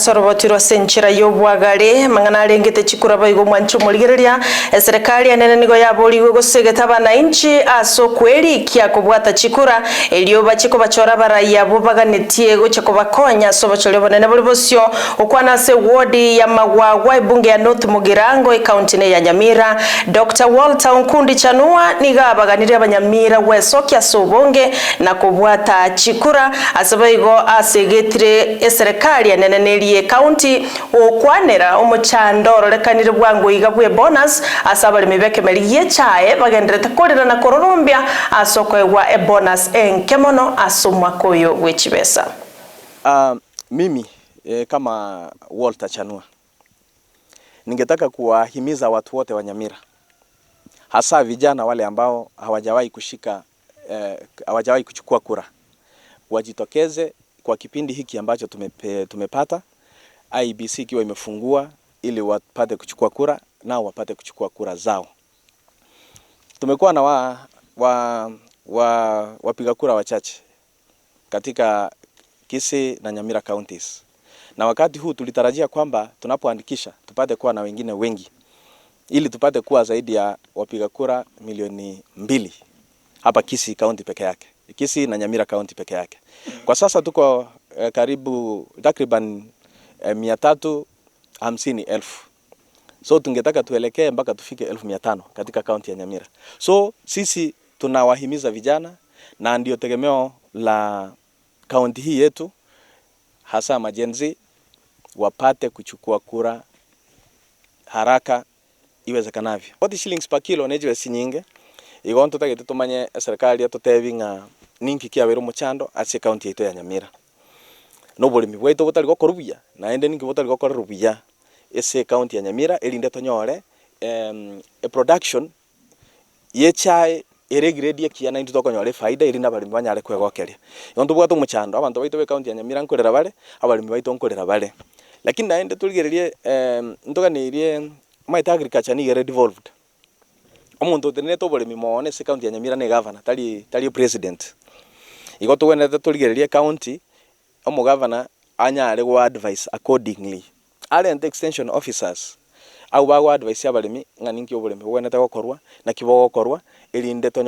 sorobotirwa senchira yobwagare mang'ana arengete chikura baigo mwancho morigereria e serikali anene nigo yaboriwe gosegeta bananchi aso kweli kia kobwata chikura elioba chiko bachora baraya bo baganetie gocha kobakonya so bachore banene bori bosio okwana se wodi ya magwagwa ibunge e ya North Mugirango ekaunti ne ya Nyamira Dr. Walter Nkundi Chanua niga nigabaganire abanyamira weso kia sobonge na kobwata chikura asabaigo asegetire e serikali anene ye county gukwanira umuchando rorekanire bwanguiga bwe bonus asaba limebeke mali ye chae bagenderete kurira na kururumbia asokoegwa ebonus enke mono ase omwaka oyo gwechibesa uh, ah, mimi eh, kama Walter Chanua ningetaka kuwahimiza watu wote wa Nyamira hasa vijana wale ambao hawajawahi kushika eh, hawajawahi kuchukua kura wajitokeze kwa kipindi hiki ambacho tumepe, tumepata IBC ikiwa imefungua ili wapate kuchukua kura nao wapate kuchukua kura zao. Tumekuwa na wa, wa, wa, wapiga kura wachache katika Kisii na Nyamira counties, na wakati huu tulitarajia kwamba tunapoandikisha tupate kuwa na wengine wengi ili tupate kuwa zaidi ya wapiga kura milioni mbili hapa Kisii county peke yake, Kisii na Nyamira county peke yake. Kwa sasa tuko eh, karibu takriban eh, mia tatu hamsini elfu so tungetaka tuelekee mpaka tufike elfu mia tano katika kaunti ya Nyamira. So sisi tunawahimiza vijana na ndio tegemeo la kaunti hii yetu, hasa majenzi wapate kuchukua kura haraka iwezekanavyo. Oti shillings per kilo nejwe si nyinge igonto ntutagete tumanye serikali atutebinga ninki kia kiawira muchando asie kaunti yetu ya Nyamira no burimi bwaitu butari gokurubia na ende ningi butari gokora rubia ese county ya nyamira ndeto nyore em um, a production ye chai ere grade ya iregiredia kiana indu tokonyore faida irina barimi banyare kwegokeria yondu bwatu muchando abantu baitu be county ya nyamira nkurira bare abarimi baitu nkorera bare lakini na ende indi em um, ntuganirie my agriculture ni gere devolved omuntu utirinete oborimi mone se county ya nyamira ne governor tali tali president igotu tugenete turigererie county omo governor anya anyare go advice accordingly arent extension officers au bagwa advice abarimi ng'ani nki oboremi bwenete gokorwa na ki bogokorwa erinde tonya